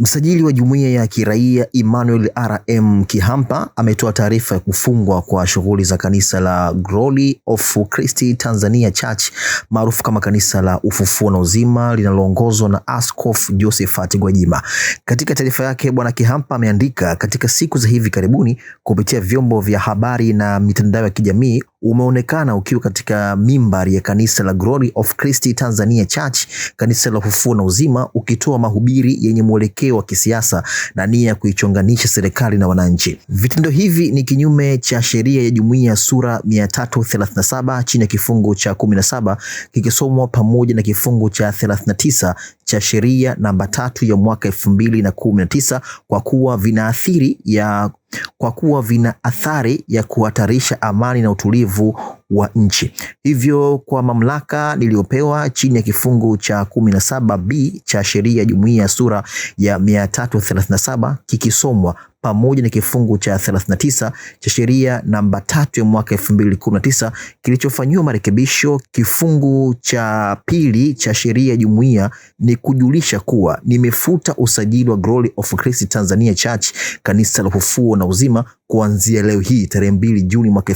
Msajili wa jumuiya ya kiraia Emmanuel RM Kihampa ametoa taarifa ya kufungwa kwa shughuli za kanisa la Glory of Christ Tanzania Church maarufu kama kanisa la Ufufuo na Uzima linaloongozwa na Askofu Josephat Gwajima. Katika taarifa yake, Bwana Kihampa ameandika, katika siku za hivi karibuni kupitia vyombo vya habari na mitandao ya kijamii umeonekana ukiwa katika mimbari ya kanisa la Glory of Christ Tanzania Church, kanisa la ufufuo na uzima, ukitoa mahubiri yenye mwelekeo wa kisiasa na nia ya kuichonganisha serikali na wananchi. Vitendo hivi ni kinyume cha sheria ya jumuiya sura 337 chini ya kifungu cha 17 kikisomwa pamoja na kifungu cha 39 cha sheria namba tatu ya mwaka 2019 kwa kuwa vinaathiri ya kwa kuwa vina athari ya kuhatarisha amani na utulivu wa nchi. Hivyo kwa mamlaka niliyopewa chini ya kifungu cha 17b cha sheria ya jumuiya sura ya 337 kikisomwa pamoja na kifungu cha 39 cha sheria namba tatu ya mwaka 2019 kilichofanyiwa marekebisho kifungu cha pili cha sheria ya jumuiya ni kujulisha kuwa nimefuta usajili wa Glory of Christ Tanzania Church kanisa la ufufuo na uzima kuanzia leo hii tarehe mbili Juni mwaka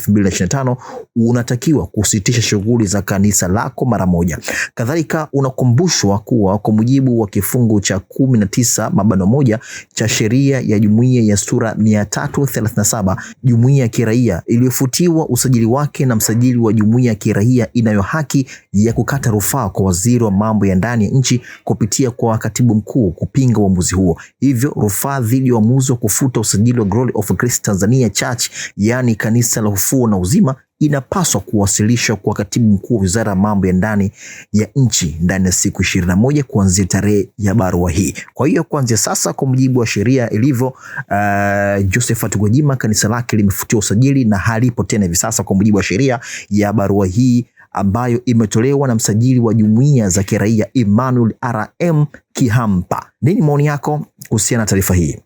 tano unatakiwa kusitisha shughuli za kanisa lako mara moja. Kadhalika unakumbushwa kuwa kwa mujibu wa kifungu cha kumi na tisa mabano moja cha sheria ya jumuiya ya sura saba jumuiya ya kiraia iliyofutiwa usajili wake na msajili wa jumuiya ya kiraia inayo haki ya kukata rufaa kwa waziri wa mambo ya ndani ya nchi kupitia kwa katibu mkuu kupinga uamuzi huo. Hivyo rufaa dhidi ya uamuzi wa kufuta usajili wa Glory of Tanzania Tanzania Church, yaani kanisa la ufufuo na uzima, inapaswa kuwasilishwa kwa katibu mkuu wa wizara ya mambo ya ndani ya nchi ndani ya siku ishirini na moja kuanzia tarehe ya barua hii. Kwa hiyo kuanzia sasa, kwa mujibu wa sheria ilivyo, uh, Josephat Gwajima kanisa lake limefutiwa usajili na halipo tena hivi sasa, kwa mujibu wa sheria ya barua hii ambayo imetolewa na msajili wa jumuiya za kiraia Emmanuel RM Kihampa. Nini maoni yako kuhusiana na taarifa hii?